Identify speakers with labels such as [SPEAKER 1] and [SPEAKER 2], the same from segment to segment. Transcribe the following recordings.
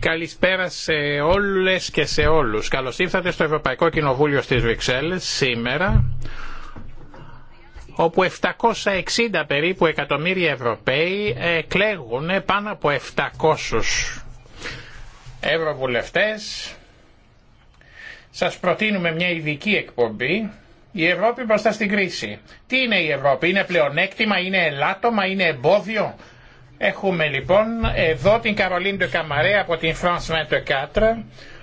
[SPEAKER 1] Καλησπέρα σε όλες και σε όλους. Καλώς ήρθατε στο Ευρωπαϊκό Κοινοβούλιο στις Βρυξέλλες σήμερα όπου 760 περίπου εκατομμύρια Ευρωπαίοι εκλέγουν πάνω από 700 ευρωβουλευτές. Σας προτείνουμε μια ειδική εκπομπή η Ευρώπη μπροστά στην κρίση. Τι είναι η Ευρώπη, είναι πλεονέκτημα, είναι ελάττωμα, είναι εμπόδιο. Έχουμε λοιπόν εδώ την Καρολίν de Καμαρέ από την France 24,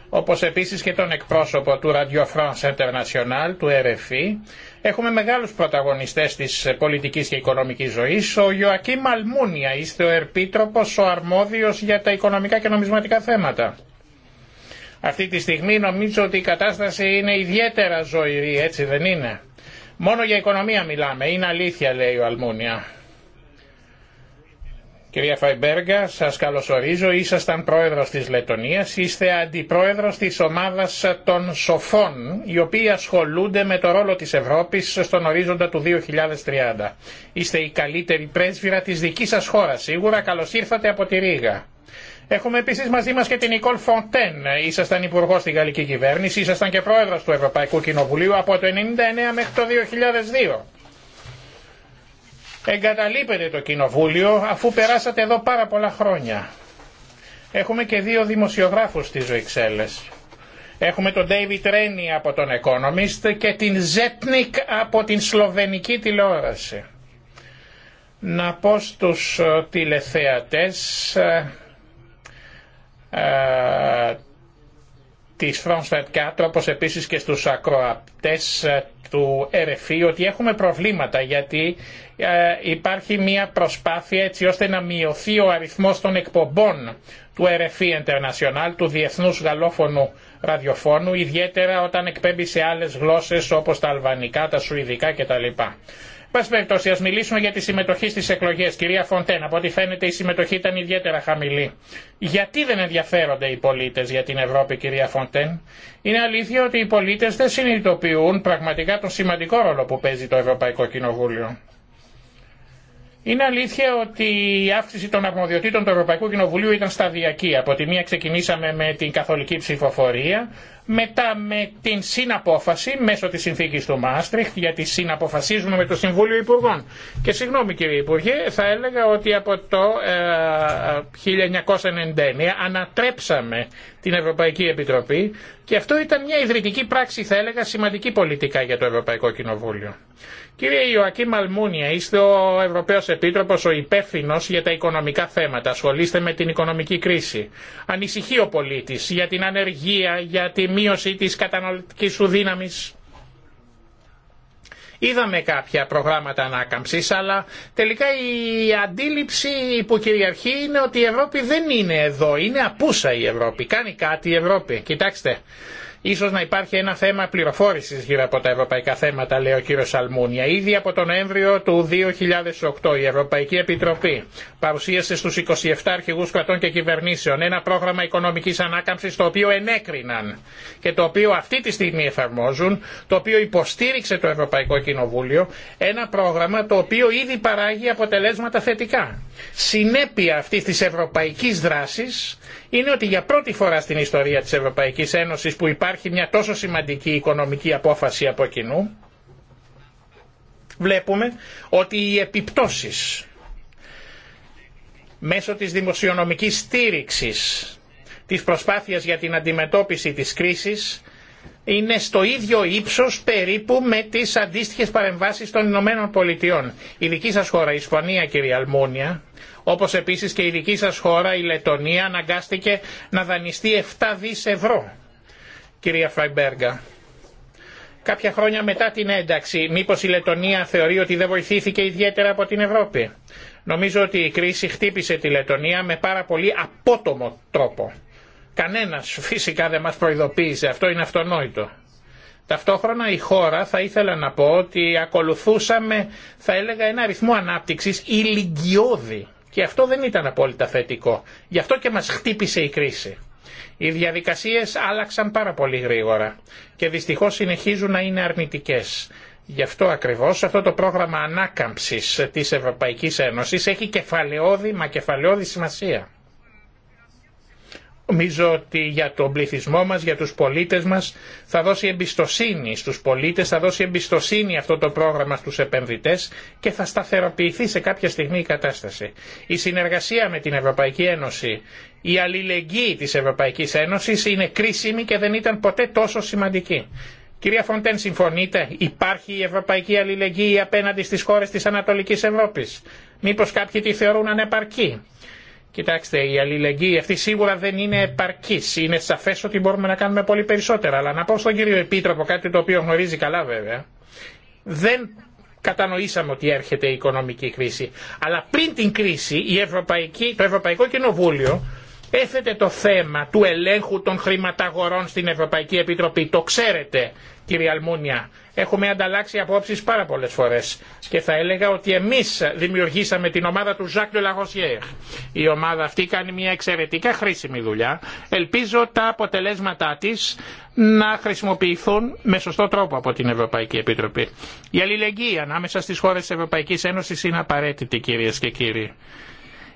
[SPEAKER 1] όπως επίσης και τον εκπρόσωπο του Radio France International, του RFI. Έχουμε μεγάλους πρωταγωνιστές της πολιτικής και οικονομικής ζωής. Ο Ιωακή Μαλμούνια, είστε ο Ερπίτροπος, ο αρμόδιος για τα οικονομικά και νομισματικά θέματα. Αυτή τη στιγμή νομίζω ότι η κατάσταση είναι ιδιαίτερα ζωηρή, έτσι δεν είναι. Μόνο για οικονομία μιλάμε, είναι αλήθεια λέει ο Αλμούνια. Κυρία Φαϊμπέργα, σας καλωσορίζω. Ήσασταν πρόεδρος της Λετωνίας, είστε αντιπρόεδρος της ομάδας των σοφών, οι οποίοι ασχολούνται με το ρόλο της Ευρώπης στον ορίζοντα του 2030. Είστε η καλύτερη πρέσβυρα της δικής σας χώρας. Σίγουρα καλώς ήρθατε από τη Ρήγα. Έχουμε επίση μαζί μα και την Νικόλ Φοντέν. Ήσασταν υπουργό στην γαλλική κυβέρνηση, ήσασταν και πρόεδρο του Ευρωπαϊκού Κοινοβουλίου από το 1999 μέχρι το 2002. Εγκαταλείπετε το κοινοβούλιο αφού περάσατε εδώ πάρα πολλά χρόνια. Έχουμε και δύο δημοσιογράφους στις Βρυξέλλες. Έχουμε τον David Ρένι από τον Economist και την Zetnik από την Σλοβενική τηλεόραση. Να πω στους ε, τηλεθεατές ε, ε, της France 24 όπως επίσης και στους ακροατές ε, του RFE ότι έχουμε προβλήματα γιατί ε, υπάρχει μια προσπάθεια έτσι ώστε να μειωθεί ο αριθμός των εκπομπών του RFE International, του Διεθνούς Γαλλόφωνου Ραδιοφώνου, ιδιαίτερα όταν εκπέμπει σε άλλες γλώσσες όπως τα αλβανικά, τα σουηδικά κτλ. Πάση περιπτώσει, α μιλήσουμε για τη συμμετοχή στι εκλογέ. Κυρία Φοντέν, από ό,τι φαίνεται η συμμετοχή ήταν ιδιαίτερα χαμηλή. Γιατί δεν ενδιαφέρονται οι πολίτε για την Ευρώπη, κυρία Φοντέν. Είναι αλήθεια ότι οι πολίτε δεν συνειδητοποιούν πραγματικά τον σημαντικό ρόλο που παίζει το Ευρωπαϊκό Κοινοβούλιο. Είναι αλήθεια ότι η αύξηση των αρμοδιοτήτων του Ευρωπαϊκού Κοινοβουλίου ήταν σταδιακή. Από τη μία ξεκινήσαμε με την καθολική ψηφοφορία, μετά με την συναπόφαση μέσω της συνθήκης του Μάστριχτ γιατί συναποφασίζουμε με το Συμβούλιο Υπουργών. Και συγγνώμη κύριε Υπουργέ, θα έλεγα ότι από το ε, 1999 ανατρέψαμε την Ευρωπαϊκή Επιτροπή και αυτό ήταν μια ιδρυτική πράξη θα έλεγα σημαντική πολιτικά για το Ευρωπαϊκό Κοινοβούλιο. Κύριε Ιωακή Μαλμούνια, είστε ο Ευρωπαίο Επίτροπο, ο υπεύθυνο για τα οικονομικά θέματα. Ασχολείστε με την οικονομική κρίση. Ανησυχεί ο πολίτη για την ανεργία, για τη μείωση της καταναλωτικής σου δύναμης. Είδαμε κάποια προγράμματα ανάκαμψης, αλλά τελικά η αντίληψη που κυριαρχεί είναι ότι η Ευρώπη δεν είναι εδώ, είναι απούσα η Ευρώπη, κάνει κάτι η Ευρώπη. Κοιτάξτε, Ίσως να υπάρχει ένα θέμα πληροφόρησης γύρω από τα ευρωπαϊκά θέματα, λέει ο κύριο Σαλμούνια. Ήδη από τον Νοέμβριο του 2008 η Ευρωπαϊκή Επιτροπή παρουσίασε στους 27 αρχηγούς κρατών και κυβερνήσεων ένα πρόγραμμα οικονομικής ανάκαμψης το οποίο ενέκριναν και το οποίο αυτή τη στιγμή εφαρμόζουν, το οποίο υποστήριξε το Ευρωπαϊκό Κοινοβούλιο, ένα πρόγραμμα το οποίο ήδη παράγει αποτελέσματα θετικά. Συνέπεια αυτή τη ευρωπαϊκή δράση είναι ότι για πρώτη φορά στην ιστορία της Ευρωπαϊκής Ένωσης που υπάρχει υπάρχει μια τόσο σημαντική οικονομική απόφαση από κοινού, βλέπουμε ότι οι επιπτώσεις μέσω της δημοσιονομικής στήριξης της προσπάθειας για την αντιμετώπιση της κρίσης είναι στο ίδιο ύψος περίπου με τις αντίστοιχες παρεμβάσεις των Ηνωμένων Πολιτειών. Η δική σας χώρα, η Ισπανία η Αλμούνια, όπως επίσης και η δική σας χώρα, η Λετωνία, αναγκάστηκε να δανειστεί 7 δις ευρώ Κυρία Φραϊμπέργα, κάποια χρόνια μετά την ένταξη, μήπως η Λετωνία θεωρεί ότι δεν βοηθήθηκε ιδιαίτερα από την Ευρώπη. Νομίζω ότι η κρίση χτύπησε τη Λετωνία με πάρα πολύ απότομο τρόπο. Κανένας φυσικά δεν μας προειδοποίησε, αυτό είναι αυτονόητο. Ταυτόχρονα η χώρα θα ήθελα να πω ότι ακολουθούσαμε θα έλεγα ένα αριθμό ανάπτυξης ηλικιώδη και αυτό δεν ήταν απόλυτα θετικό. Γι' αυτό και μας χτύπησε η κρίση. Οι διαδικασίες άλλαξαν πάρα πολύ γρήγορα και δυστυχώς συνεχίζουν να είναι αρνητικές. Γι' αυτό ακριβώς αυτό το πρόγραμμα ανάκαμψης της Ευρωπαϊκής Ένωσης έχει κεφαλαιόδη μα σημασία. Νομίζω ότι για τον πληθυσμό μας, για τους πολίτες μας θα δώσει εμπιστοσύνη στους πολίτες, θα δώσει εμπιστοσύνη αυτό το πρόγραμμα στους επενδυτές και θα σταθεροποιηθεί σε κάποια στιγμή η κατάσταση. Η συνεργασία με την Ευρωπαϊκή Ένωση, η αλληλεγγύη της Ευρωπαϊκής Ένωσης είναι κρίσιμη και δεν ήταν ποτέ τόσο σημαντική. Κυρία Φοντέν, συμφωνείτε, υπάρχει η ευρωπαϊκή αλληλεγγύη απέναντι στις χώρες της Ανατολικής Ευρώπης. Μήπως κάποιοι τη θεωρούν ανεπαρκή Κοιτάξτε, η αλληλεγγύη αυτή σίγουρα δεν είναι επαρκή. Είναι σαφέ ότι μπορούμε να κάνουμε πολύ περισσότερα. Αλλά να πω στον κύριο Επίτροπο κάτι το οποίο γνωρίζει καλά βέβαια. Δεν κατανοήσαμε ότι έρχεται η οικονομική κρίση. Αλλά πριν την κρίση η Ευρωπαϊκή, το Ευρωπαϊκό Κοινοβούλιο Έθετε το θέμα του ελέγχου των χρηματαγορών στην Ευρωπαϊκή Επιτροπή. Το ξέρετε κύριε Αλμούνια. Έχουμε ανταλλάξει απόψεις πάρα πολλές φορές. Και θα έλεγα ότι εμείς δημιουργήσαμε την ομάδα του Ζακ de Η ομάδα αυτή κάνει μια εξαιρετικά χρήσιμη δουλειά. Ελπίζω τα αποτελέσματά της να χρησιμοποιηθούν με σωστό τρόπο από την Ευρωπαϊκή Επιτροπή. Η αλληλεγγύη ανάμεσα στις χώρες της Ευρωπαϊκής Ένωσης είναι απαραίτητη κυρίες και κύριοι.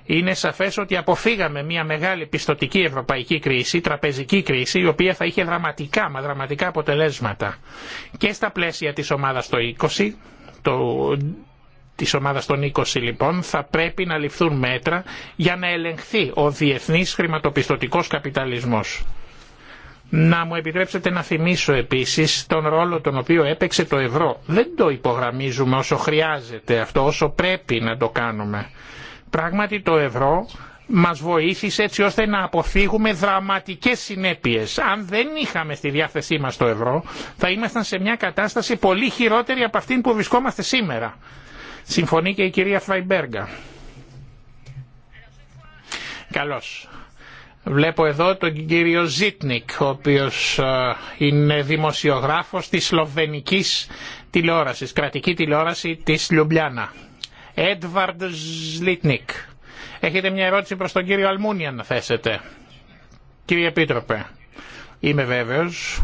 [SPEAKER 1] Είναι σαφές ότι αποφύγαμε μια μεγάλη πιστοτική ευρωπαϊκή κρίση, τραπεζική κρίση, η οποία θα είχε δραματικά, μα δραματικά αποτελέσματα. Και στα πλαίσια της ομάδας το 20, της ομάδας των 20 λοιπόν, θα πρέπει να ληφθούν μέτρα για να ελεγχθεί ο διεθνής χρηματοπιστωτικός καπιταλισμός. Να μου επιτρέψετε να θυμίσω επίσης τον ρόλο τον οποίο έπαιξε το ευρώ. Δεν το υπογραμμίζουμε όσο χρειάζεται αυτό, όσο πρέπει να το κάνουμε. Πράγματι το ευρώ μας βοήθησε έτσι ώστε να αποφύγουμε δραματικές συνέπειες. Αν δεν είχαμε στη διάθεσή μας το ευρώ θα ήμασταν σε μια κατάσταση πολύ χειρότερη από αυτήν που βρισκόμαστε σήμερα. Συμφωνεί και η κυρία Φραϊμπέργκα. Καλώς. Βλέπω εδώ τον κύριο Ζίτνικ, ο οποίος ε, είναι δημοσιογράφος της Σλοβενικής τηλεόρασης, κρατική τηλεόραση της Λιουμπλιάνα. Έντβαρντ Ζλίτνικ. Έχετε μια ερώτηση προς τον κύριο Αλμούνια να θέσετε. Κύριε Επίτροπε, είμαι βέβαιος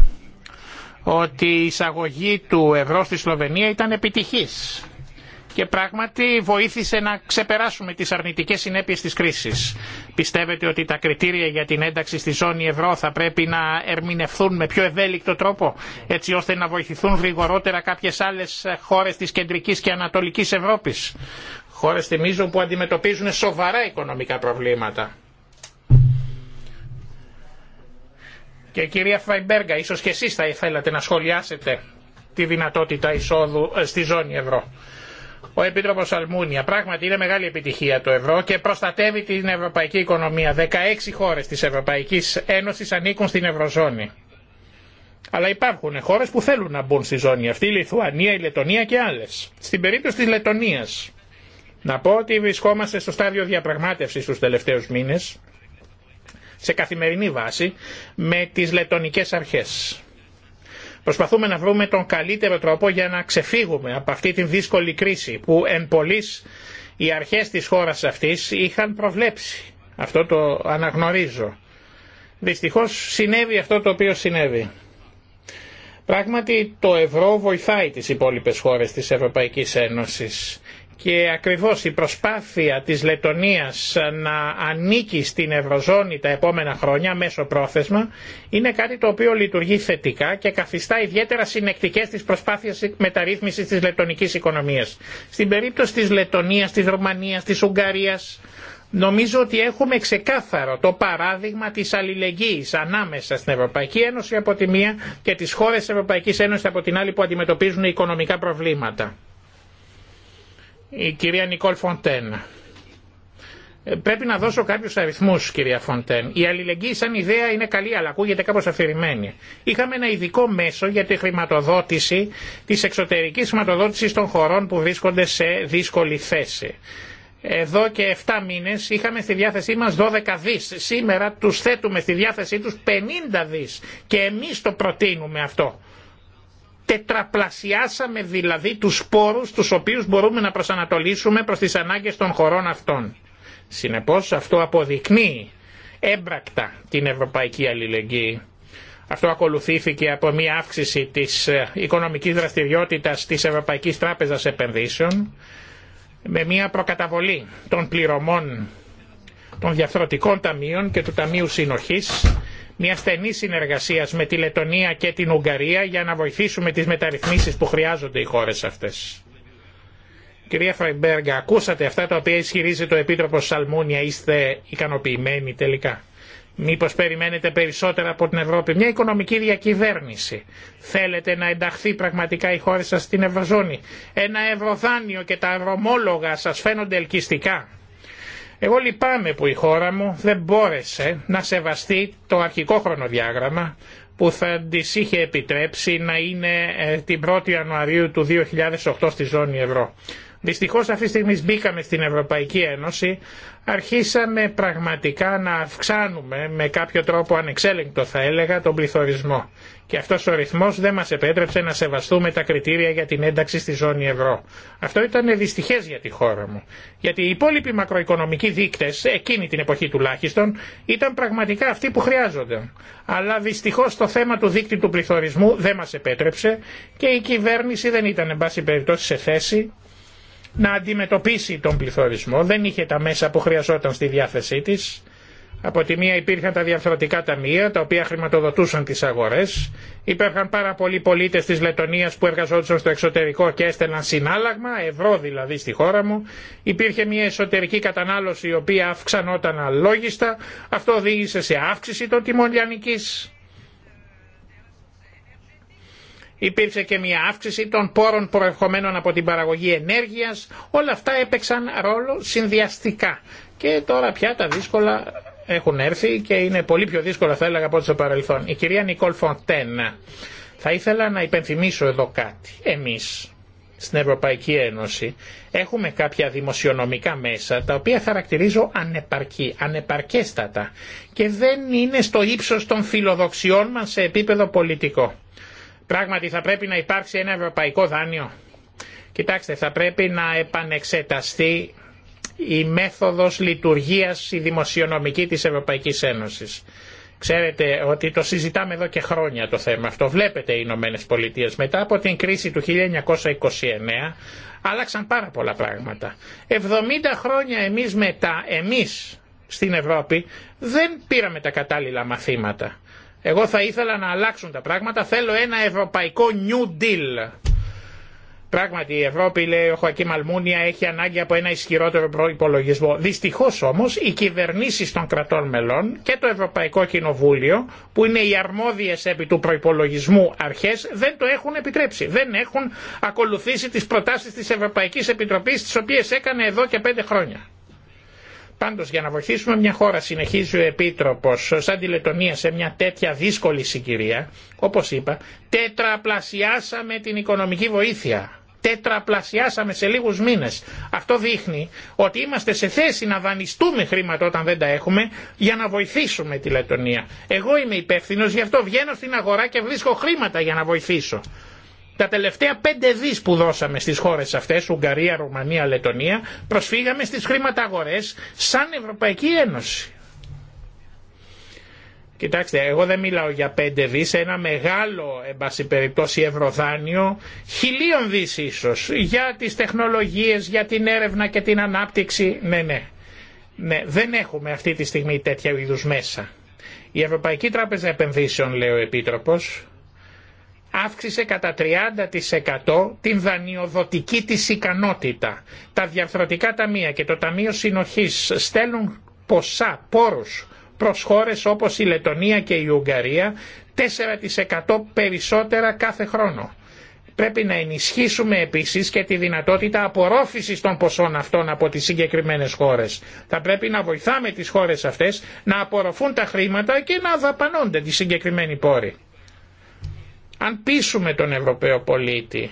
[SPEAKER 1] ότι η εισαγωγή του ευρώ στη Σλοβενία ήταν επιτυχής και πράγματι βοήθησε να ξεπεράσουμε τις αρνητικές συνέπειες της κρίσης. Πιστεύετε ότι τα κριτήρια για την ένταξη στη ζώνη ευρώ θα πρέπει να ερμηνευθούν με πιο ευέλικτο τρόπο έτσι ώστε να βοηθηθούν γρηγορότερα κάποιες άλλες χώρες της κεντρικής και ανατολικής Ευρώπης. Χώρες θυμίζουν που αντιμετωπίζουν σοβαρά οικονομικά προβλήματα. Και κυρία Φαϊμπέργα, ίσως και εσείς θα ήθελατε να σχολιάσετε τη δυνατότητα εισόδου ε, στη ζώνη ευρώ. Ο Επίτροπο Αλμούνια, πράγματι είναι μεγάλη επιτυχία το ευρώ και προστατεύει την ευρωπαϊκή οικονομία. 16 χώρες της Ευρωπαϊκής Ένωσης ανήκουν στην Ευρωζώνη. Αλλά υπάρχουν χώρε που θέλουν να μπουν στη ζώνη αυτή, η Λιθουανία, η Λετωνία και άλλε. Στην περίπτωση τη Λετωνία, να πω ότι βρισκόμαστε στο στάδιο διαπραγμάτευση του τελευταίου μήνε, σε καθημερινή βάση, με τι λετωνικέ αρχέ. Προσπαθούμε να βρούμε τον καλύτερο τρόπο για να ξεφύγουμε από αυτή τη δύσκολη κρίση που εν πολλής οι αρχές της χώρας αυτής είχαν προβλέψει. Αυτό το αναγνωρίζω. Δυστυχώς συνέβη αυτό το οποίο συνέβη. Πράγματι το ευρώ βοηθάει τις υπόλοιπες χώρες της Ευρωπαϊκής Ένωσης και ακριβώς η προσπάθεια της Λετωνίας να ανήκει στην Ευρωζώνη τα επόμενα χρόνια μέσω πρόθεσμα είναι κάτι το οποίο λειτουργεί θετικά και καθιστά ιδιαίτερα συνεκτικές τις προσπάθειες μεταρρύθμισης της λετωνικής οικονομίας. Στην περίπτωση της Λετωνίας, της Ρουμανίας, της Ουγγαρίας νομίζω ότι έχουμε ξεκάθαρο το παράδειγμα της αλληλεγγύης ανάμεσα στην Ευρωπαϊκή Ένωση από τη μία και τις χώρες της Ευρωπαϊκής Ένωσης από την άλλη που αντιμετωπίζουν οικονομικά προβλήματα. Η κυρία Νικόλ Φοντέν. Ε, πρέπει να δώσω κάποιου αριθμού, κυρία Φοντέν. Η αλληλεγγύη σαν ιδέα είναι καλή, αλλά ακούγεται κάπω αφηρημένη. Είχαμε ένα ειδικό μέσο για τη χρηματοδότηση, τη εξωτερική χρηματοδότηση των χωρών που βρίσκονται σε δύσκολη θέση. Εδώ και 7 μήνε είχαμε στη διάθεσή μα 12 δι. Σήμερα του θέτουμε στη διάθεσή του 50 δι. Και εμεί το προτείνουμε αυτό. Τετραπλασιάσαμε δηλαδή τους σπόρους τους οποίους μπορούμε να προσανατολίσουμε προς τις ανάγκες των χωρών αυτών. Συνεπώς αυτό αποδεικνύει έμπρακτα την ευρωπαϊκή αλληλεγγύη. Αυτό ακολουθήθηκε από μια αύξηση της ε, οικονομικής δραστηριότητας της Ευρωπαϊκής Τράπεζας Επενδύσεων με μια προκαταβολή των πληρωμών των διαφθορτικών ταμείων και του Ταμείου Συνοχής μια στενή συνεργασία με τη Λετωνία και την Ουγγαρία για να βοηθήσουμε τι μεταρρυθμίσεις που χρειάζονται οι χώρε αυτέ. Κυρία Φραϊμπέργα, ακούσατε αυτά τα οποία ισχυρίζει το Επίτροπο Σαλμούνια, είστε ικανοποιημένοι τελικά. Μήπω περιμένετε περισσότερα από την Ευρώπη. Μια οικονομική διακυβέρνηση. Θέλετε να ενταχθεί πραγματικά η χώρα σα στην Ευρωζώνη. Ένα ευρωδάνειο και τα ευρωμόλογα σα φαίνονται ελκυστικά. Εγώ λυπάμαι που η χώρα μου δεν μπόρεσε να σεβαστεί το αρχικό χρονοδιάγραμμα που θα τη είχε επιτρέψει να είναι ε, την 1η Ιανουαρίου του 2008 στη ζώνη ευρώ. Δυστυχώς αυτή τη στιγμή μπήκαμε στην Ευρωπαϊκή Ένωση, αρχίσαμε πραγματικά να αυξάνουμε με κάποιο τρόπο ανεξέλεγκτο θα έλεγα τον πληθωρισμό. Και αυτός ο ρυθμός δεν μας επέτρεψε να σεβαστούμε τα κριτήρια για την ένταξη στη ζώνη ευρώ. Αυτό ήταν δυστυχές για τη χώρα μου. Γιατί οι υπόλοιποι μακροοικονομικοί δείκτες, εκείνη την εποχή τουλάχιστον, ήταν πραγματικά αυτοί που χρειάζονταν. Αλλά δυστυχώς το θέμα του δείκτη του πληθωρισμού δεν μας επέτρεψε και η κυβέρνηση δεν ήταν εν πάση περιπτώσει σε θέση να αντιμετωπίσει τον πληθωρισμό. Δεν είχε τα μέσα που χρειαζόταν στη διάθεσή της. Από τη μία υπήρχαν τα διαφορετικά ταμεία, τα οποία χρηματοδοτούσαν τις αγορές. Υπήρχαν πάρα πολλοί πολίτες της Λετωνίας που εργαζόντουσαν στο εξωτερικό και έστελναν συνάλλαγμα, ευρώ δηλαδή στη χώρα μου. Υπήρχε μια εσωτερική κατανάλωση η οποία αυξανόταν αλόγιστα. Αυτό οδήγησε σε αύξηση των τιμών λιανικής Υπήρξε και μια αύξηση των πόρων προερχομένων από την παραγωγή ενέργειας. Όλα αυτά έπαιξαν ρόλο συνδυαστικά. Και τώρα πια τα δύσκολα έχουν έρθει και είναι πολύ πιο δύσκολα θα έλεγα από ό,τι στο παρελθόν. Η κυρία Νικόλ Φοντέν, θα ήθελα να υπενθυμίσω εδώ κάτι. Εμείς στην Ευρωπαϊκή Ένωση έχουμε κάποια δημοσιονομικά μέσα τα οποία χαρακτηρίζω ανεπαρκή, ανεπαρκέστατα και δεν είναι στο ύψος των φιλοδοξιών μας σε επίπεδο πολιτικό. Πράγματι θα πρέπει να υπάρξει ένα ευρωπαϊκό δάνειο. Κοιτάξτε, θα πρέπει να επανεξεταστεί η μέθοδος λειτουργίας η δημοσιονομική της Ευρωπαϊκής Ένωσης. Ξέρετε ότι το συζητάμε εδώ και χρόνια το θέμα αυτό. Βλέπετε οι Ηνωμένε Πολιτείε μετά από την κρίση του 1929 άλλαξαν πάρα πολλά πράγματα. 70 χρόνια εμείς μετά, εμείς στην Ευρώπη δεν πήραμε τα κατάλληλα μαθήματα. Εγώ θα ήθελα να αλλάξουν τα πράγματα. Θέλω ένα ευρωπαϊκό New Deal. Πράγματι η Ευρώπη, λέει ο Χωακή Μαλμούνια, έχει ανάγκη από ένα ισχυρότερο προπολογισμό. Δυστυχώ όμω οι κυβερνήσει των κρατών μελών και το Ευρωπαϊκό Κοινοβούλιο, που είναι οι αρμόδιε επί του προπολογισμού αρχέ, δεν το έχουν επιτρέψει. Δεν έχουν ακολουθήσει τι προτάσει τη Ευρωπαϊκή Επιτροπή, τι οποίε έκανε εδώ και πέντε χρόνια. Πάντω, για να βοηθήσουμε μια χώρα συνεχίζει ο Επίτροπος σαν τη Λετωνία σε μια τέτοια δύσκολη συγκυρία, όπως είπα, τετραπλασιάσαμε την οικονομική βοήθεια. Τετραπλασιάσαμε σε λίγους μήνες. Αυτό δείχνει ότι είμαστε σε θέση να δανειστούμε χρήματα όταν δεν τα έχουμε για να βοηθήσουμε τη Λετωνία. Εγώ είμαι υπεύθυνο, γι' αυτό βγαίνω στην αγορά και βρίσκω χρήματα για να βοηθήσω. Τα τελευταία πέντε δις που δώσαμε στις χώρες αυτές, Ουγγαρία, Ρουμανία, Λετωνία, προσφύγαμε στις χρηματαγορές σαν Ευρωπαϊκή Ένωση. Κοιτάξτε, εγώ δεν μιλάω για πέντε δις, ένα μεγάλο, εν πάση περιπτώσει, ευρωδάνειο, χιλίων δις ίσως, για τις τεχνολογίες, για την έρευνα και την ανάπτυξη. Ναι, ναι. ναι δεν έχουμε αυτή τη στιγμή τέτοια είδου μέσα. Η Ευρωπαϊκή Τράπεζα Επενδύσεων, λέει ο επίτροπο αύξησε κατά 30% την δανειοδοτική της ικανότητα. Τα διαρθρωτικά ταμεία και το Ταμείο Συνοχής στέλνουν ποσά, πόρους προς χώρες όπως η Λετωνία και η Ουγγαρία 4% περισσότερα κάθε χρόνο. Πρέπει να ενισχύσουμε επίσης και τη δυνατότητα απορρόφησης των ποσών αυτών από τις συγκεκριμένες χώρες. Θα πρέπει να βοηθάμε τις χώρες αυτές να απορροφούν τα χρήματα και να δαπανώνται τη συγκεκριμένη πόρη. Αν πείσουμε τον Ευρωπαίο πολίτη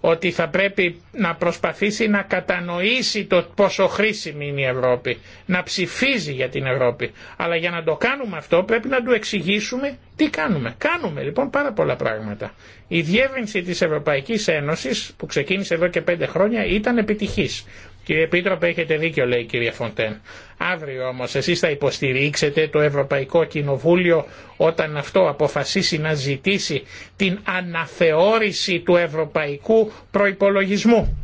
[SPEAKER 1] ότι θα πρέπει να προσπαθήσει να κατανοήσει το πόσο χρήσιμη είναι η Ευρώπη, να ψηφίζει για την Ευρώπη. Αλλά για να το κάνουμε αυτό πρέπει να του εξηγήσουμε τι κάνουμε. Κάνουμε λοιπόν πάρα πολλά πράγματα. Η διεύρυνση της Ευρωπαϊκής Ένωσης που ξεκίνησε εδώ και πέντε χρόνια ήταν επιτυχής. Κύριε Επίτροπε έχετε δίκιο λέει η κυρία Φοντέν. Αύριο όμως εσείς θα υποστηρίξετε το Ευρωπαϊκό Κοινοβούλιο όταν αυτό αποφασίσει να ζητήσει την αναθεώρηση του ευρωπαϊκού προϋπολογισμού.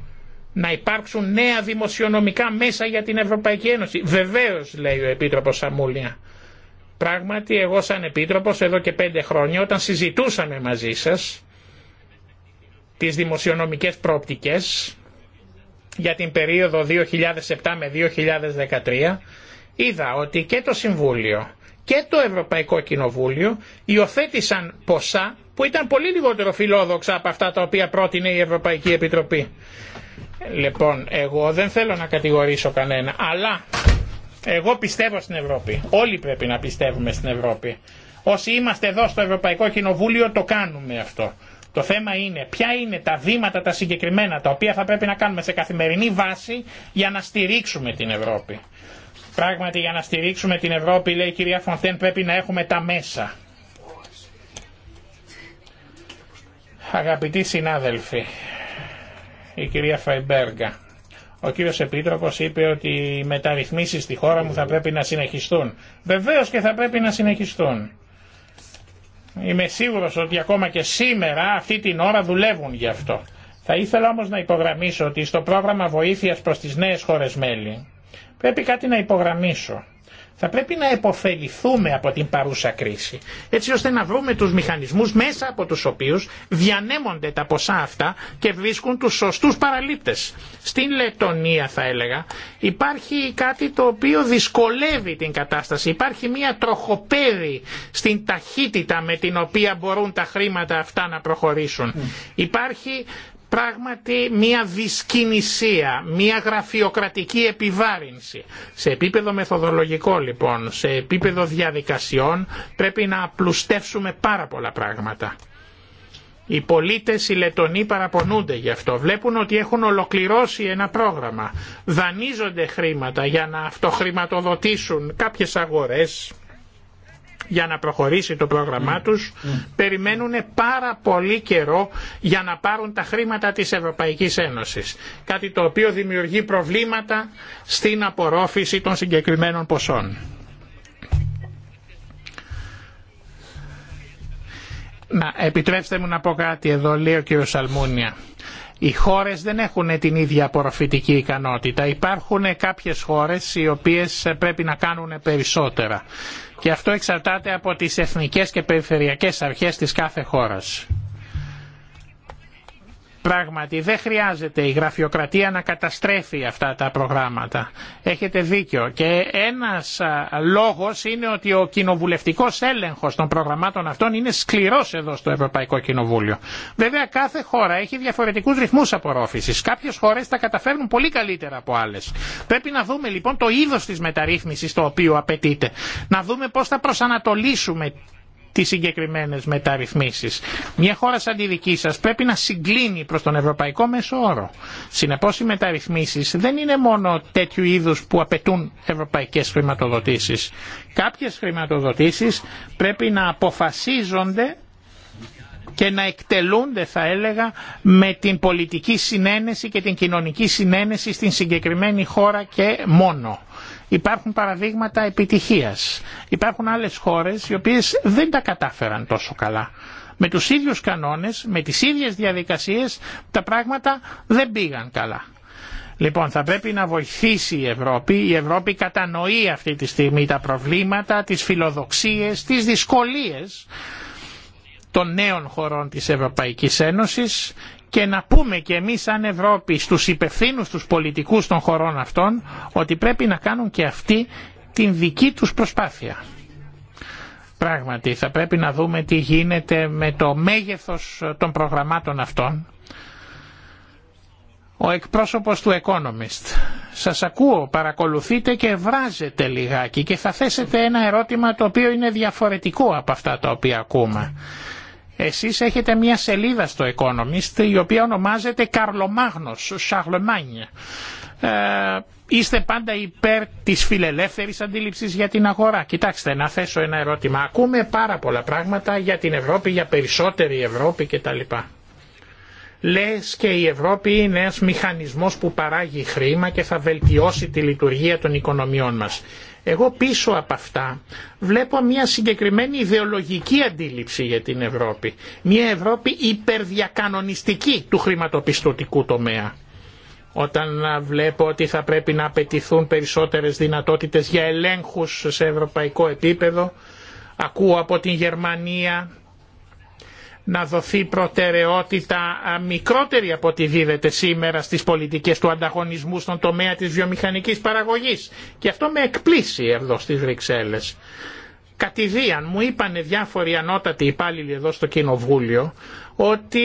[SPEAKER 1] Να υπάρξουν νέα δημοσιονομικά μέσα για την Ευρωπαϊκή Ένωση. Βεβαίως λέει ο Επίτροπος Σαμούλια. Πράγματι εγώ σαν Επίτροπος εδώ και πέντε χρόνια όταν συζητούσαμε μαζί σας τις δημοσιονομικές προοπτικές για την περίοδο 2007 με 2013 είδα ότι και το Συμβούλιο και το Ευρωπαϊκό Κοινοβούλιο υιοθέτησαν ποσά που ήταν πολύ λιγότερο φιλόδοξα από αυτά τα οποία πρότεινε η Ευρωπαϊκή Επιτροπή. Λοιπόν, εγώ δεν θέλω να κατηγορήσω κανένα, αλλά εγώ πιστεύω στην Ευρώπη. Όλοι πρέπει να πιστεύουμε στην Ευρώπη. Όσοι είμαστε εδώ στο Ευρωπαϊκό Κοινοβούλιο το κάνουμε αυτό. Το θέμα είναι ποια είναι τα βήματα τα συγκεκριμένα τα οποία θα πρέπει να κάνουμε σε καθημερινή βάση για να στηρίξουμε την Ευρώπη. Πράγματι για να στηρίξουμε την Ευρώπη λέει η κυρία Φοντέν πρέπει να έχουμε τα μέσα. Αγαπητοί συνάδελφοι, η κυρία Φαϊμπέργα, ο κύριος Επίτροπος είπε ότι οι μεταρρυθμίσεις στη χώρα μου θα πρέπει να συνεχιστούν. Βεβαίως και θα πρέπει να συνεχιστούν. Είμαι σίγουρος ότι ακόμα και σήμερα αυτή την ώρα δουλεύουν γι' αυτό. Θα ήθελα όμως να υπογραμμίσω ότι στο πρόγραμμα βοήθειας προς τις νέες χώρες μέλη πρέπει κάτι να υπογραμμίσω. Θα πρέπει να επωφεληθούμε από την παρούσα κρίση, έτσι ώστε να βρούμε τους μηχανισμούς μέσα από τους οποίους διανέμονται τα ποσά αυτά και βρίσκουν τους σωστούς παραλήπτες. Στην Λετωνία θα έλεγα υπάρχει κάτι το οποίο δυσκολεύει την κατάσταση. Υπάρχει μια τροχοπέδη στην ταχύτητα με την οποία μπορούν τα χρήματα αυτά να προχωρήσουν. Mm. Υπάρχει πράγματι μια δυσκινησία, μια γραφειοκρατική επιβάρυνση. Σε επίπεδο μεθοδολογικό λοιπόν, σε επίπεδο διαδικασιών πρέπει να απλουστεύσουμε πάρα πολλά πράγματα. Οι πολίτες, οι Λετονοί παραπονούνται γι' αυτό. Βλέπουν ότι έχουν ολοκληρώσει ένα πρόγραμμα. Δανείζονται χρήματα για να αυτοχρηματοδοτήσουν κάποιες αγορές για να προχωρήσει το πρόγραμμά mm. τους mm. περιμένουν πάρα πολύ καιρό για να πάρουν τα χρήματα της Ευρωπαϊκής Ένωσης. Κάτι το οποίο δημιουργεί προβλήματα στην απορρόφηση των συγκεκριμένων ποσών. Να επιτρέψτε μου να πω κάτι εδώ λέει ο κύριος Σαλμούνια οι χώρες δεν έχουν την ίδια απορροφητική ικανότητα. Υπάρχουν κάποιες χώρες οι οποίες πρέπει να κάνουν περισσότερα. Και αυτό εξαρτάται από τις εθνικές και περιφερειακές αρχές της κάθε χώρας. Πράγματι δεν χρειάζεται η γραφειοκρατία να καταστρέφει αυτά τα προγράμματα. Έχετε δίκιο. Και ένας λόγος είναι ότι ο κοινοβουλευτικός έλεγχος των προγραμμάτων αυτών είναι σκληρός εδώ στο Ευρωπαϊκό Κοινοβούλιο. Βέβαια κάθε χώρα έχει διαφορετικούς ρυθμούς απορρόφησης. Κάποιες χώρες τα καταφέρνουν πολύ καλύτερα από άλλες. Πρέπει να δούμε λοιπόν το είδος της μεταρρύθμισης το οποίο απαιτείται. Να δούμε πώς θα προσανατολίσουμε τις συγκεκριμένες μεταρρυθμίσεις. Μια χώρα σαν τη δική σας πρέπει να συγκλίνει προς τον ευρωπαϊκό μέσο όρο. Συνεπώς οι μεταρρυθμίσεις δεν είναι μόνο τέτοιου είδους που απαιτούν ευρωπαϊκές χρηματοδοτήσεις. Κάποιες χρηματοδοτήσεις πρέπει να αποφασίζονται και να εκτελούνται θα έλεγα με την πολιτική συνένεση και την κοινωνική συνένεση στην συγκεκριμένη χώρα και μόνο. Υπάρχουν παραδείγματα επιτυχίας. Υπάρχουν άλλες χώρες οι οποίες δεν τα κατάφεραν τόσο καλά. Με τους ίδιους κανόνες, με τις ίδιες διαδικασίες τα πράγματα δεν πήγαν καλά. Λοιπόν, θα πρέπει να βοηθήσει η Ευρώπη. Η Ευρώπη κατανοεί αυτή τη στιγμή τα προβλήματα, τις φιλοδοξίες, τις δυσκολίες των νέων χωρών της Ευρωπαϊκής Ένωσης και να πούμε και εμείς σαν Ευρώπη στους υπευθύνους τους πολιτικούς των χωρών αυτών ότι πρέπει να κάνουν και αυτοί την δική τους προσπάθεια. Πράγματι θα πρέπει να δούμε τι γίνεται με το μέγεθος των προγραμμάτων αυτών. Ο εκπρόσωπος του Economist. Σας ακούω, παρακολουθείτε και βράζετε λιγάκι και θα θέσετε ένα ερώτημα το οποίο είναι διαφορετικό από αυτά τα οποία ακούμε. Εσείς έχετε μια σελίδα στο Economist η οποία ονομάζεται Καρλομάγνος, Ε, Είστε πάντα υπέρ της φιλελεύθερης αντίληψης για την αγορά. Κοιτάξτε, να θέσω ένα ερώτημα. Ακούμε πάρα πολλά πράγματα για την Ευρώπη, για περισσότερη Ευρώπη κτλ. Λες και η Ευρώπη είναι ένας μηχανισμός που παράγει χρήμα και θα βελτιώσει τη λειτουργία των οικονομιών μας. Εγώ πίσω από αυτά βλέπω μια συγκεκριμένη ιδεολογική αντίληψη για την Ευρώπη. Μια Ευρώπη υπερδιακανονιστική του χρηματοπιστωτικού τομέα. Όταν βλέπω ότι θα πρέπει να απαιτηθούν περισσότερες δυνατότητες για ελέγχους σε ευρωπαϊκό επίπεδο, ακούω από την Γερμανία να δοθεί προτεραιότητα μικρότερη από ό,τι δίδεται σήμερα στις πολιτικές του ανταγωνισμού στον τομέα της βιομηχανικής παραγωγής. Και αυτό με εκπλήσει εδώ στις Βρυξέλλες. Κατηδίαν μου είπαν διάφοροι ανώτατοι υπάλληλοι εδώ στο Κοινοβούλιο ότι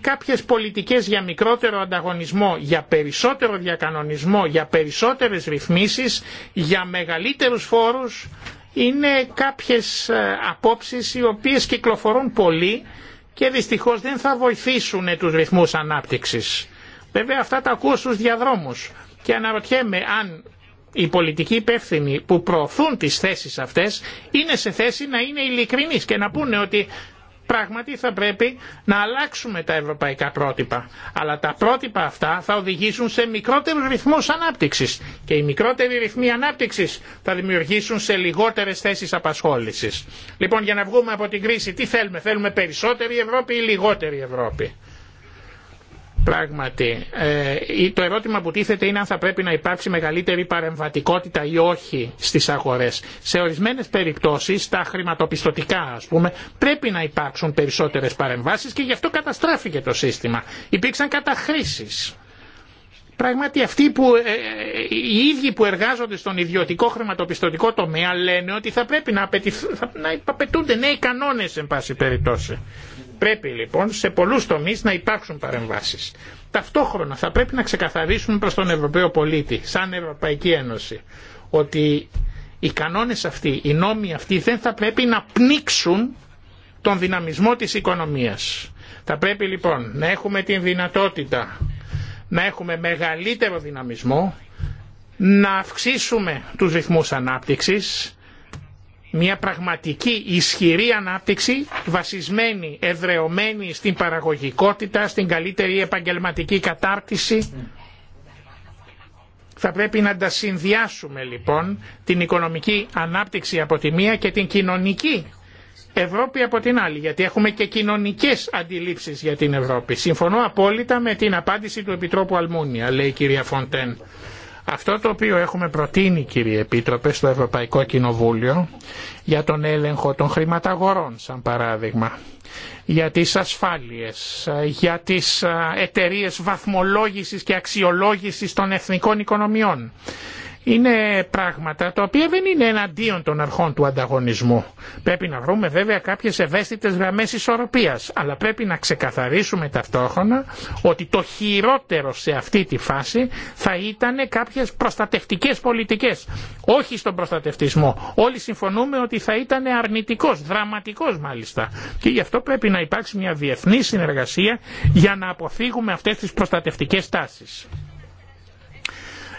[SPEAKER 1] κάποιες πολιτικές για μικρότερο ανταγωνισμό, για περισσότερο διακανονισμό, για περισσότερες ρυθμίσεις, για μεγαλύτερους φόρους είναι κάποιες ε, απόψεις οι οποίες κυκλοφορούν πολύ και δυστυχώς δεν θα βοηθήσουν τους ρυθμούς ανάπτυξης. Βέβαια αυτά τα ακούω στους διαδρόμους και αναρωτιέμαι αν οι πολιτικοί υπεύθυνοι που προωθούν τις θέσεις αυτές είναι σε θέση να είναι ειλικρινείς και να πούνε ότι πράγματι θα πρέπει να αλλάξουμε τα ευρωπαϊκά πρότυπα. Αλλά τα πρότυπα αυτά θα οδηγήσουν σε μικρότερους ρυθμούς ανάπτυξης και οι μικρότεροι ρυθμοί ανάπτυξης θα δημιουργήσουν σε λιγότερες θέσεις απασχόλησης. Λοιπόν για να βγούμε από την κρίση τι θέλουμε, θέλουμε περισσότερη Ευρώπη ή λιγότερη Ευρώπη. Πράγματι, ε, το ερώτημα που τίθεται είναι αν θα πρέπει να υπάρξει μεγαλύτερη παρεμβατικότητα ή όχι στις αγορές. Σε ορισμένες περιπτώσεις, τα χρηματοπιστωτικά ας πούμε, πρέπει να υπάρξουν περισσότερες παρεμβάσεις και γι' αυτό καταστράφηκε το σύστημα. Υπήρξαν καταχρήσεις. Πράγματι αυτοί που, ε, ε, οι ίδιοι που εργάζονται στον ιδιωτικό χρηματοπιστωτικό τομέα λένε ότι θα πρέπει να, απαιτηθ, να απαιτούνται νέοι κανόνες εν πάση περιπτώσει. Πρέπει λοιπόν σε πολλούς τομείς να υπάρξουν παρεμβάσεις. Ταυτόχρονα θα πρέπει να ξεκαθαρίσουμε προς τον Ευρωπαίο πολίτη, σαν Ευρωπαϊκή Ένωση, ότι οι κανόνες αυτοί, οι νόμοι αυτοί δεν θα πρέπει να πνίξουν τον δυναμισμό της οικονομίας. Θα πρέπει λοιπόν να έχουμε την δυνατότητα να έχουμε μεγαλύτερο δυναμισμό, να αυξήσουμε τους ρυθμούς ανάπτυξης, μια πραγματική ισχυρή ανάπτυξη βασισμένη, εδρεωμένη στην παραγωγικότητα, στην καλύτερη επαγγελματική κατάρτιση. Θα πρέπει να τα συνδυάσουμε λοιπόν την οικονομική ανάπτυξη από τη μία και την κοινωνική Ευρώπη από την άλλη, γιατί έχουμε και κοινωνικές αντιλήψεις για την Ευρώπη. Συμφωνώ απόλυτα με την απάντηση του Επιτρόπου Αλμούνια, λέει η κυρία Φοντέν. Αυτό το οποίο έχουμε προτείνει κύριε Επίτροπε στο Ευρωπαϊκό Κοινοβούλιο για τον έλεγχο των χρηματαγορών σαν παράδειγμα, για τις ασφάλειες, για τις ε, εταιρείες βαθμολόγησης και αξιολόγησης των εθνικών οικονομιών, είναι πράγματα τα οποία δεν είναι εναντίον των αρχών του ανταγωνισμού. Πρέπει να βρούμε βέβαια κάποιες ευαίσθητες γραμμές ισορροπίας, αλλά πρέπει να ξεκαθαρίσουμε ταυτόχρονα ότι το χειρότερο σε αυτή τη φάση θα ήταν κάποιες προστατευτικές πολιτικές. Όχι στον προστατευτισμό. Όλοι συμφωνούμε ότι θα ήταν αρνητικός, δραματικός μάλιστα. Και γι' αυτό πρέπει να υπάρξει μια διεθνή συνεργασία για να αποφύγουμε αυτές τις προστατευτικές τάσεις.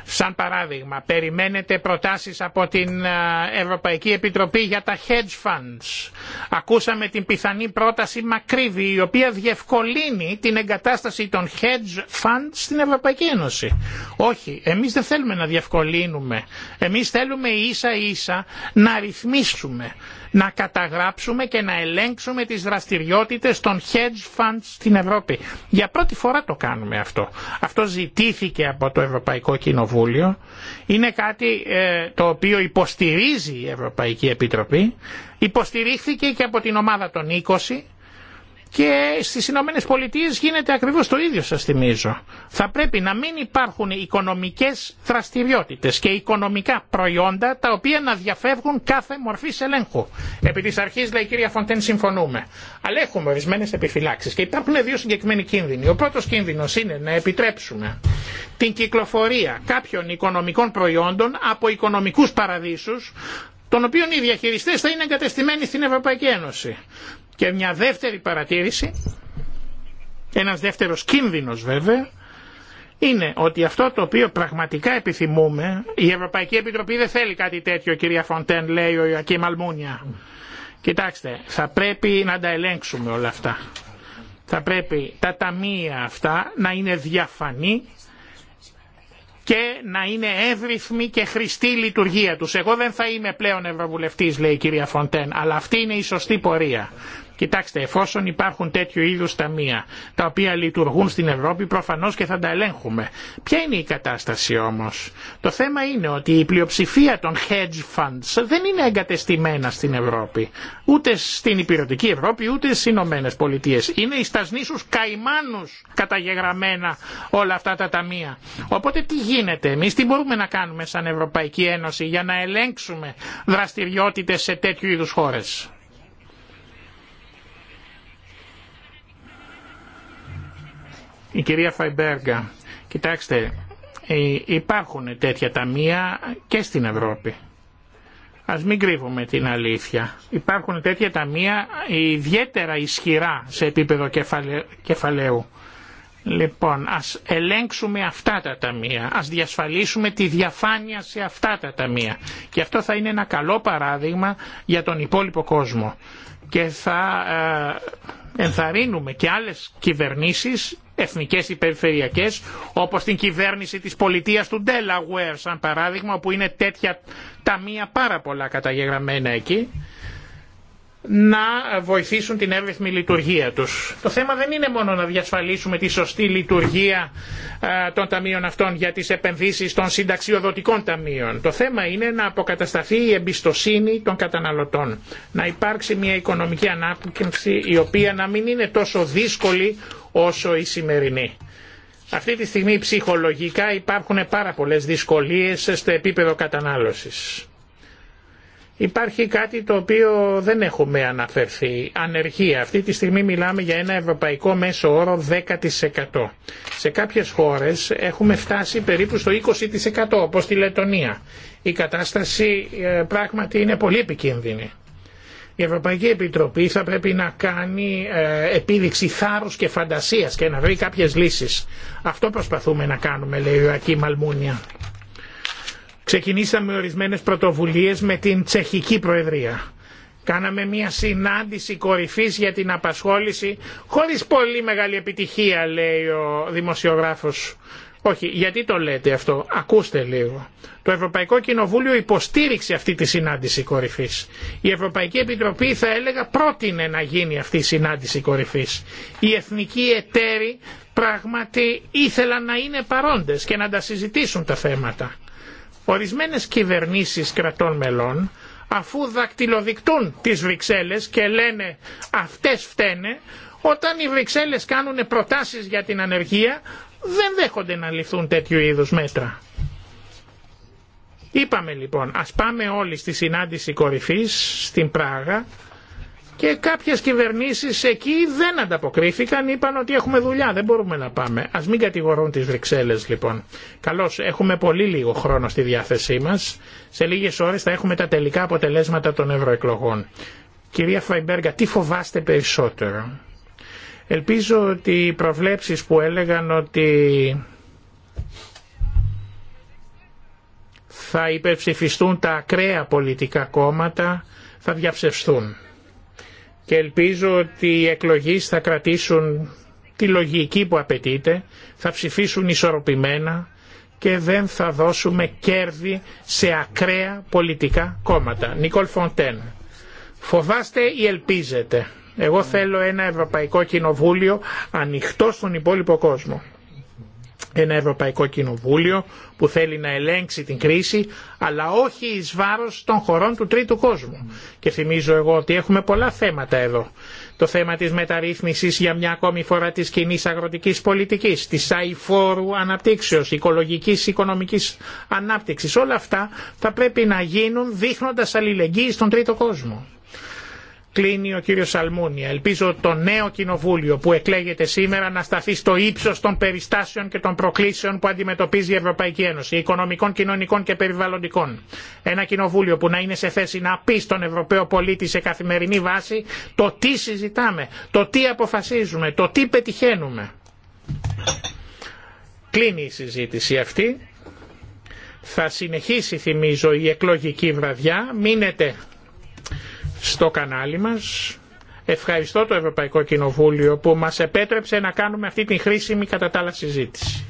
[SPEAKER 1] Σαν παράδειγμα, περιμένετε προτάσεις από την ε, Ευρωπαϊκή Επιτροπή για τα hedge funds. Ακούσαμε την πιθανή πρόταση Μακρύβη, η οποία διευκολύνει την εγκατάσταση των hedge funds στην Ευρωπαϊκή Ένωση. Όχι, εμείς δεν θέλουμε να διευκολύνουμε. Εμείς θέλουμε ίσα ίσα να ρυθμίσουμε να καταγράψουμε και να ελέγξουμε τις δραστηριότητες των hedge funds στην Ευρώπη. Για πρώτη φορά το κάνουμε αυτό. Αυτό ζητήθηκε από το Ευρωπαϊκό Κοινοβούλιο Κοινοβούλιο είναι κάτι ε, το οποίο υποστηρίζει η Ευρωπαϊκή Επιτροπή, υποστηρίχθηκε και από την ομάδα των 20 και στι Ηνωμένε Πολιτείε γίνεται ακριβώ το ίδιο σα θυμίζω. Θα πρέπει να μην υπάρχουν οικονομικέ δραστηριότητε και οικονομικά προϊόντα τα οποία να διαφεύγουν κάθε μορφή ελέγχου. Επί τη αρχή, λέει η κυρία Φοντέν συμφωνούμε. Αλλά έχουμε ορισμένε επιφυλάξει και υπάρχουν δύο συγκεκριμένοι κίνδυνοι. Ο πρώτο κίνδυνο είναι να επιτρέψουμε την κυκλοφορία κάποιων οικονομικών προϊόντων από οικονομικού παραδείσου των οποίων οι διαχειριστές θα είναι εγκατεστημένοι στην Ευρωπαϊκή Ένωση. Και μια δεύτερη παρατήρηση, ένας δεύτερος κίνδυνος βέβαια, είναι ότι αυτό το οποίο πραγματικά επιθυμούμε, η Ευρωπαϊκή Επιτροπή δεν θέλει κάτι τέτοιο, κυρία Φοντέν, λέει ο Ιωακή Μαλμούνια. Κοιτάξτε, θα πρέπει να τα ελέγξουμε όλα αυτά. Θα πρέπει τα ταμεία αυτά να είναι διαφανή και να είναι εύρυθμη και χρηστή λειτουργία τους. Εγώ δεν θα είμαι πλέον ευρωβουλευτής λέει η κυρία Φοντέν, αλλά αυτή είναι η σωστή πορεία. Κοιτάξτε, εφόσον υπάρχουν τέτοιου είδου ταμεία τα οποία λειτουργούν στην Ευρώπη, προφανώ και θα τα ελέγχουμε. Ποια είναι η κατάσταση όμω. Το θέμα είναι ότι η πλειοψηφία των hedge funds δεν είναι εγκατεστημένα στην Ευρώπη. Ούτε στην υπηρετική Ευρώπη, ούτε στι Ηνωμένε Πολιτείε. Είναι οι τα νήσου καημάνου καταγεγραμμένα όλα αυτά τα ταμεία. Οπότε τι γίνεται, εμεί τι μπορούμε να κάνουμε σαν Ευρωπαϊκή Ένωση για να ελέγξουμε δραστηριότητε σε τέτοιου είδου χώρε. Η κυρία Φαϊμπέργα, κοιτάξτε, ε, υπάρχουν τέτοια ταμεία και στην Ευρώπη. Ας μην κρύβουμε την αλήθεια. Υπάρχουν τέτοια ταμεία ιδιαίτερα ισχυρά σε επίπεδο κεφαλαίου. Λοιπόν, ας ελέγξουμε αυτά τα ταμεία, ας διασφαλίσουμε τη διαφάνεια σε αυτά τα ταμεία. Και αυτό θα είναι ένα καλό παράδειγμα για τον υπόλοιπο κόσμο. Και θα ε, ενθαρρύνουμε και άλλες κυβερνήσεις εθνικές ή όπως την κυβέρνηση της πολιτείας του Ντέλαγουερ σαν παράδειγμα που είναι τέτοια ταμεία πάρα πολλά καταγεγραμμένα εκεί να βοηθήσουν την εύρυθμη λειτουργία τους. Το θέμα δεν είναι μόνο να διασφαλίσουμε τη σωστή λειτουργία των ταμείων αυτών για τις επενδύσεις των συνταξιοδοτικών ταμείων. Το θέμα είναι να αποκατασταθεί η εμπιστοσύνη των καταναλωτών. Να υπάρξει μια οικονομική ανάπτυξη η οποία να μην είναι τόσο δύσκολη όσο η σημερινή. Αυτή τη στιγμή ψυχολογικά υπάρχουν πάρα πολλές δυσκολίες στο επίπεδο κατανάλωσης Υπάρχει κάτι το οποίο δεν έχουμε αναφερθεί. Ανεργία. Αυτή τη στιγμή μιλάμε για ένα ευρωπαϊκό μέσο όρο 10%. Σε κάποιες χώρες έχουμε φτάσει περίπου στο 20% όπως τη Λετωνία. Η κατάσταση ε, πράγματι είναι πολύ επικίνδυνη. Η Ευρωπαϊκή Επιτροπή θα πρέπει να κάνει ε, επίδειξη θάρρους και φαντασίας και να βρει κάποιες λύσεις. Αυτό προσπαθούμε να κάνουμε λέει ο Ακή Μαλμούνια. Ξεκινήσαμε ορισμένες πρωτοβουλίες με την τσεχική προεδρία. Κάναμε μια συνάντηση κορυφής για την απασχόληση χωρίς πολύ μεγάλη επιτυχία λέει ο δημοσιογράφος. Όχι, γιατί το λέτε αυτό. Ακούστε λίγο. Το Ευρωπαϊκό Κοινοβούλιο υποστήριξε αυτή τη συνάντηση κορυφής. Η Ευρωπαϊκή Επιτροπή θα έλεγα πρότεινε να γίνει αυτή η συνάντηση κορυφής. Οι εθνικοί εταίροι πράγματι ήθελαν να είναι παρόντε και να τα συζητήσουν τα θέματα. Ορισμένες κυβερνήσεις κρατών μελών αφού δακτυλοδεικτούν τις Βρυξέλλες και λένε αυτές φταίνε, όταν οι Βρυξέλλες κάνουν προτάσεις για την ανεργία δεν δέχονται να ληφθούν τέτοιου είδους μέτρα. Είπαμε λοιπόν, ας πάμε όλοι στη συνάντηση κορυφής στην Πράγα και κάποιες κυβερνήσεις εκεί δεν ανταποκρίθηκαν, είπαν ότι έχουμε δουλειά, δεν μπορούμε να πάμε. Ας μην κατηγορούν τις Βρυξέλλες λοιπόν. Καλώς, έχουμε πολύ λίγο χρόνο στη διάθεσή μας. Σε λίγες ώρες θα έχουμε τα τελικά αποτελέσματα των ευρωεκλογών. Κυρία Φαϊμπέργα, τι φοβάστε περισσότερο. Ελπίζω ότι οι προβλέψεις που έλεγαν ότι θα υπερψηφιστούν τα ακραία πολιτικά κόμματα θα διαψευστούν και ελπίζω ότι οι εκλογείς θα κρατήσουν τη λογική που απαιτείται, θα ψηφίσουν ισορροπημένα και δεν θα δώσουμε κέρδη σε ακραία πολιτικά κόμματα. Νικόλ Φοντέν. Φοβάστε ή ελπίζετε. Εγώ θέλω ένα Ευρωπαϊκό Κοινοβούλιο ανοιχτό στον υπόλοιπο κόσμο ένα Ευρωπαϊκό Κοινοβούλιο που θέλει να ελέγξει την κρίση αλλά όχι εις βάρος των χωρών του τρίτου κόσμου. Και θυμίζω εγώ ότι έχουμε πολλά θέματα εδώ. Το θέμα της μεταρρύθμισης για μια ακόμη φορά της κοινή αγροτικής πολιτικής, της αηφόρου αναπτύξεως, οικολογικής οικονομικής ανάπτυξης. Όλα αυτά θα πρέπει να γίνουν δείχνοντας αλληλεγγύη στον τρίτο κόσμο κλείνει ο κύριος Σαλμούνια. Ελπίζω το νέο κοινοβούλιο που εκλέγεται σήμερα να σταθεί στο ύψος των περιστάσεων και των προκλήσεων που αντιμετωπίζει η Ευρωπαϊκή Ένωση, οικονομικών, κοινωνικών και περιβαλλοντικών. Ένα κοινοβούλιο που να είναι σε θέση να πει στον Ευρωπαίο πολίτη σε καθημερινή βάση το τι συζητάμε, το τι αποφασίζουμε, το τι πετυχαίνουμε. Κλείνει η συζήτηση αυτή. Θα συνεχίσει, θυμίζω, η εκλογική βραδιά. Μείνετε στο κανάλι μας. Ευχαριστώ το Ευρωπαϊκό Κοινοβούλιο που μας επέτρεψε να κάνουμε αυτή την χρήσιμη κατά τα άλλα συζήτηση.